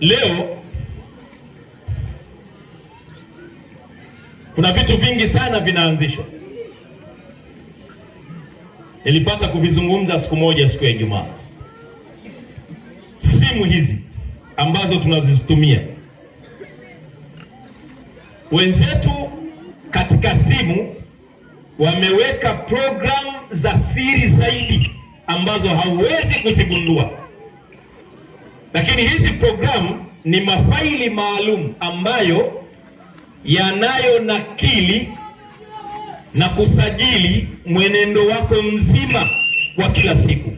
Leo kuna vitu vingi sana vinaanzishwa. Nilipata kuvizungumza siku moja, siku ya Ijumaa. Simu hizi ambazo tunazitumia wenzetu katika simu wameweka programu za siri zaidi ambazo hauwezi kuzigundua. Lakini hizi programu ni mafaili maalum ambayo yanayonakili na kusajili mwenendo wako mzima wa kila siku.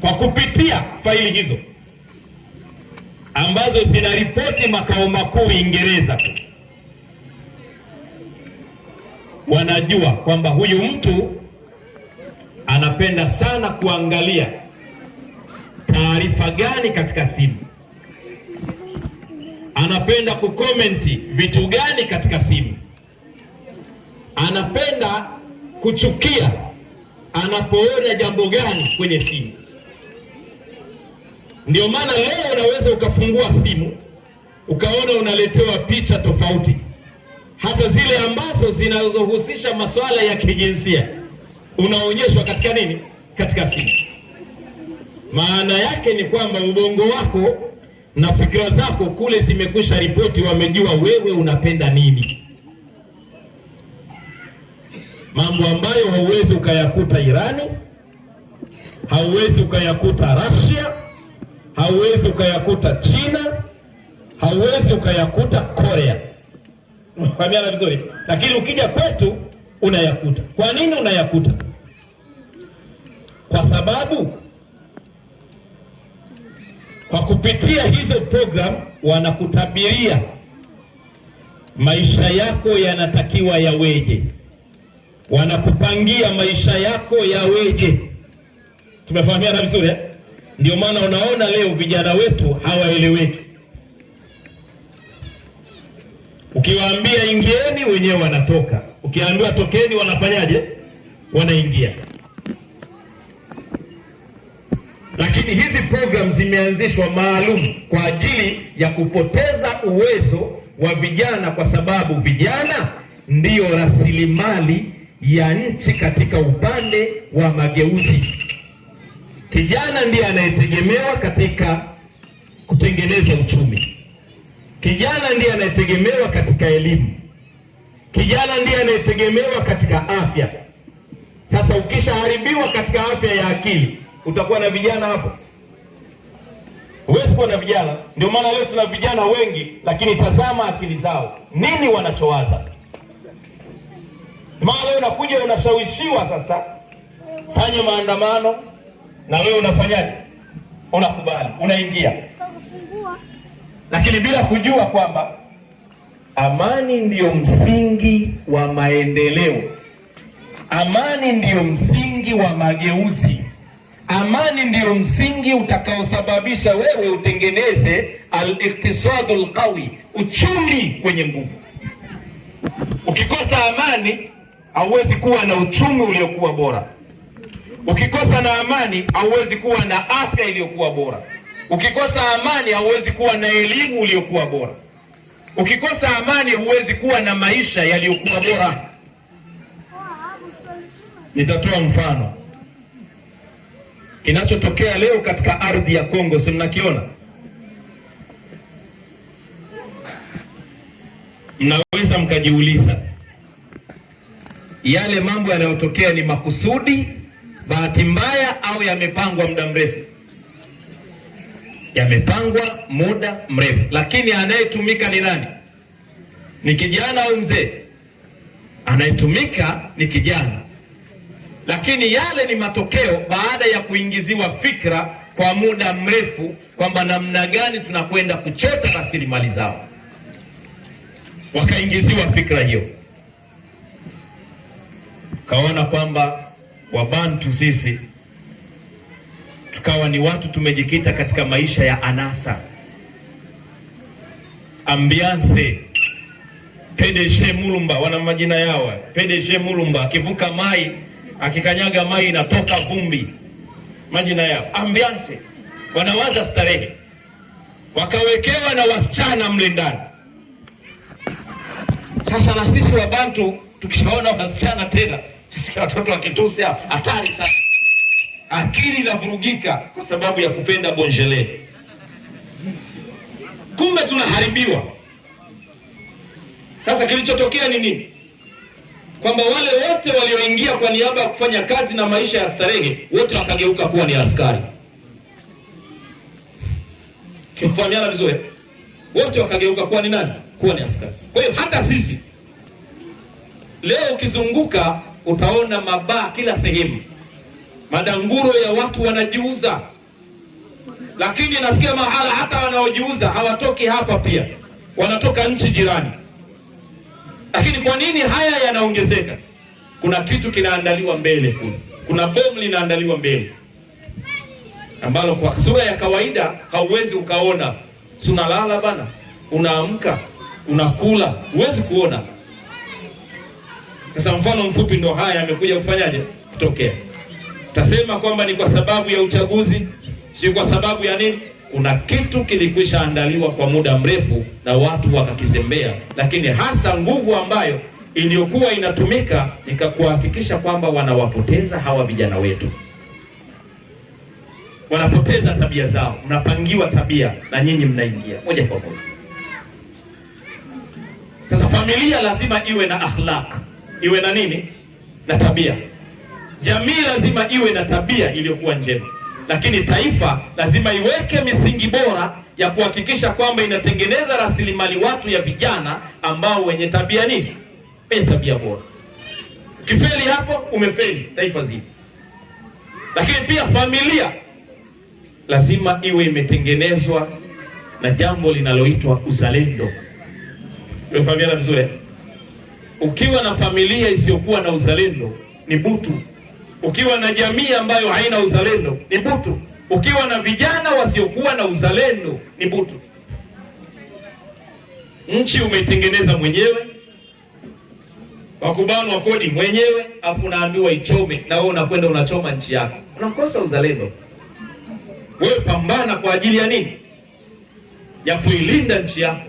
Kwa kupitia faili hizo ambazo zinaripoti makao makuu Uingereza, wanajua kwamba huyu mtu anapenda sana kuangalia taarifa gani katika simu, anapenda kukomenti vitu gani katika simu, anapenda kuchukia anapoona jambo gani kwenye simu. Ndio maana leo unaweza ukafungua simu ukaona unaletewa picha tofauti, hata zile ambazo zinazohusisha masuala ya kijinsia unaonyeshwa katika nini? Katika simu. Maana yake ni kwamba ubongo wako na fikira zako kule zimekwisha ripoti, wamejua wewe unapenda nini, mambo ambayo hauwezi ukayakuta Irani, hauwezi ukayakuta Russia, hauwezi ukayakuta China, hauwezi ukayakuta Korea. Fahamiana vizuri, lakini ukija kwetu unayakuta. Kwa nini unayakuta? Kwa sababu kwa kupitia hizo program wanakutabiria maisha yako yanatakiwa yaweje, wanakupangia maisha yako yaweje. Tumefahamiana vizuri eh? Ndio maana unaona leo vijana wetu hawaeleweki. Ukiwaambia ingieni, wenyewe wanatoka. Ukiambiwa tokeni, wanafanyaje? Wanaingia. Lakini hizi programu zimeanzishwa maalum kwa ajili ya kupoteza uwezo wa vijana, kwa sababu vijana ndiyo rasilimali ya nchi katika upande wa mageuzi. Kijana ndiye anayetegemewa katika kutengeneza uchumi. Kijana ndiye anayetegemewa katika elimu. Kijana ndiye anayetegemewa katika afya. Sasa ukishaharibiwa katika afya ya akili, utakuwa na vijana hapo? Huwezi kuwa na vijana. Ndio maana leo tuna vijana wengi, lakini tazama akili zao, nini wanachowaza. Maana leo unakuja unashawishiwa, sasa fanye maandamano, na wewe unafanyaje? Unakubali, unaingia, lakini bila kujua kwamba Amani ndiyo msingi wa maendeleo. Amani ndiyo msingi wa mageuzi. Amani ndiyo msingi utakaosababisha wewe utengeneze al iqtisadul qawi uchumi wenye nguvu. Ukikosa amani hauwezi kuwa na uchumi uliokuwa bora. Ukikosa na amani hauwezi kuwa na afya iliyokuwa bora. Ukikosa amani hauwezi kuwa na elimu iliyokuwa bora. Ukikosa amani, huwezi kuwa na maisha yaliyokuwa bora. Nitatoa mfano kinachotokea leo katika ardhi ya Kongo, si mnakiona? Mnaweza mkajiuliza yale mambo yanayotokea ni makusudi, bahati mbaya, au yamepangwa muda mrefu? yamepangwa muda mrefu, lakini anayetumika ni nani? Ni kijana au mzee? Anayetumika ni kijana, lakini yale ni matokeo baada ya kuingiziwa fikra kwa muda mrefu kwamba namna gani tunakwenda kuchota rasilimali zao, wakaingiziwa fikra hiyo, kaona kwamba Wabantu sisi tukawa ni watu tumejikita katika maisha ya anasa, ambiance PDG Mulumba, wana majina yao. PDG Mulumba akivuka mai, akikanyaga mai inatoka vumbi, majina yao ambiance. Wanawaza starehe, wakawekewa na wasichana mle ndani. Sasa na sisi bantu tukishaona wasichana tena, watoto wakitusi, hatari sana akili inavurugika kwa sababu ya kupenda bonjele. Kumbe tunaharibiwa. Sasa kilichotokea ni nini? Kwamba wale wote walioingia kwa niaba ya kufanya kazi na maisha ya starehe, wote wakageuka kuwa ni askari. Kifahamiana vizuri, wote wakageuka kuwa ni nani? Kuwa ni askari. Kwa hiyo hata sisi leo ukizunguka utaona mabaa kila sehemu madanguro ya watu wanajiuza, lakini nafikia mahala hata wanaojiuza hawatoki hapa, pia wanatoka nchi jirani. Lakini kwa nini haya yanaongezeka? Kuna kitu kinaandaliwa mbele kule, kuna bomu linaandaliwa mbele ambalo kwa sura ya kawaida hauwezi ukaona. Sunalala bana, unaamka, unakula, huwezi kuona. Sasa mfano mfupi ndo haya yamekuja kufanyaje kutokea. Tasema kwamba ni kwa sababu ya uchaguzi, si kwa sababu ya nini. Kuna kitu kilikwisha andaliwa kwa muda mrefu na watu wakakizembea, lakini hasa nguvu ambayo iliyokuwa inatumika nikakuhakikisha kwamba wanawapoteza hawa vijana wetu, wanapoteza tabia zao. Mnapangiwa tabia na nyinyi mnaingia moja kwa moja. Sasa familia lazima iwe na akhlaq, iwe na nini, na tabia Jamii lazima iwe na tabia iliyokuwa njema, lakini taifa lazima iweke misingi bora ya kuhakikisha kwamba inatengeneza rasilimali watu ya vijana ambao wenye tabia nini, wenye tabia bora. Ukifeli hapo umefeli taifa zima. Lakini pia familia lazima iwe imetengenezwa na jambo linaloitwa uzalendo. Umefahamiana vizuri. Ukiwa na familia isiyokuwa na uzalendo ni butu ukiwa na jamii ambayo haina uzalendo ni butu, ukiwa na vijana wasiokuwa na uzalendo ni butu. Nchi umeitengeneza mwenyewe kwa kubanwa kodi mwenyewe, afu unaambiwa ichome, na wewe unakwenda unachoma nchi yako, unakosa uzalendo. Wewe pambana kwa ajili ya nini? Ya kuilinda nchi yako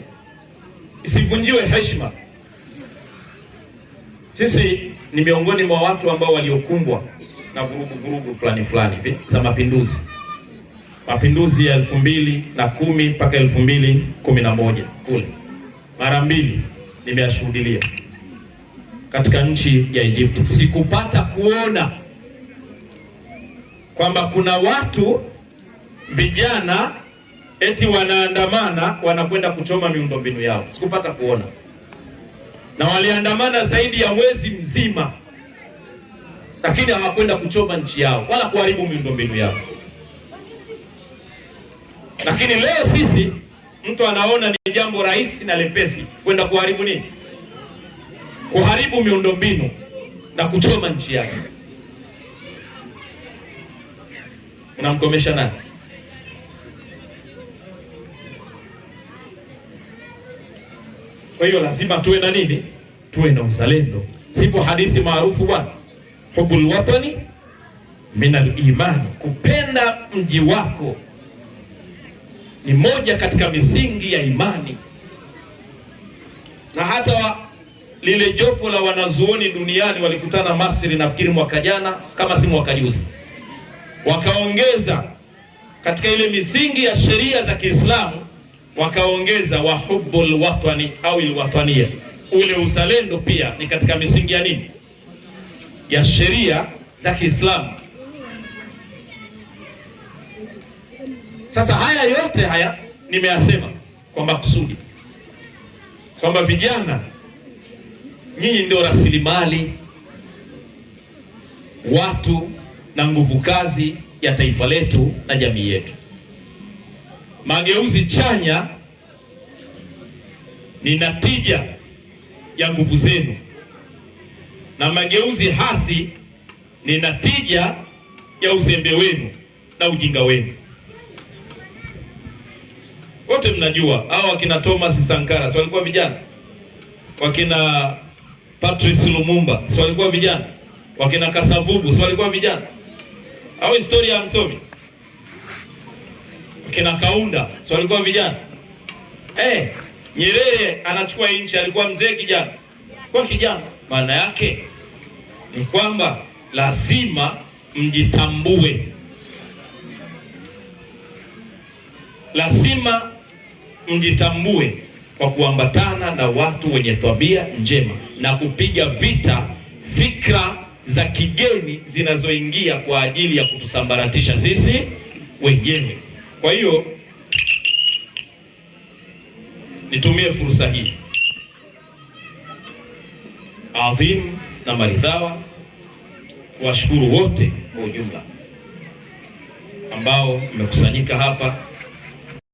isivunjiwe heshima. Sisi ni miongoni mwa watu ambao waliokumbwa na vurugu vurugu fulani fulani za mapinduzi, mapinduzi ya elfu mbili na kumi mpaka elfu mbili kumi na moja kule mara mbili nimeyashuhudilia katika nchi ya Egypt. Sikupata kuona kwamba kuna watu vijana eti wanaandamana wanakwenda kuchoma miundombinu yao, sikupata kuona, na waliandamana zaidi ya mwezi mzima lakini hawakwenda kuchoma nchi yao wala kuharibu miundombinu yao. Lakini leo sisi, mtu anaona ni jambo rahisi na lepesi kwenda kuharibu nini, kuharibu miundombinu na kuchoma nchi yake. Unamkomesha nani? Kwa hiyo lazima tuwe na nini? Tuwe na uzalendo, sipo hadithi maarufu bwana hubul watani minal imani, kupenda mji wako ni moja katika misingi ya imani. Na hata wa, lile jopo la wanazuoni duniani walikutana Masri, nafikiri mwaka jana kama si mwaka juzi, wakaongeza katika ile misingi ya sheria za Kiislamu wakaongeza wahubbul watani au ilwatania, ule uzalendo pia ni katika misingi ya nini ya sheria za Kiislamu. Sasa haya yote haya nimeyasema kwa makusudi kwamba vijana nyinyi ndio rasilimali watu na nguvu kazi ya taifa letu na jamii yetu. Mageuzi chanya ni natija ya nguvu zenu na mageuzi hasi ni natija ya uzembe wenu na ujinga wenu. Wote mnajua hawa wakina Thomas Sankara si walikuwa vijana, wakina Patrice Lumumba si walikuwa vijana, wakina Kasavubu si walikuwa vijana, au historia ya msomi, wakina Kaunda si walikuwa vijana. Eh, Nyerere anachukua nchi, alikuwa mzee kijana kwa kijana. Maana yake ni kwamba lazima mjitambue, lazima mjitambue kwa kuambatana na watu wenye tabia njema na kupiga vita fikra za kigeni zinazoingia kwa ajili ya kutusambaratisha sisi wenyewe. Kwa hiyo nitumie fursa hii adhimu na maridhawa, washukuru wote kwa ujumla ambao mmekusanyika hapa.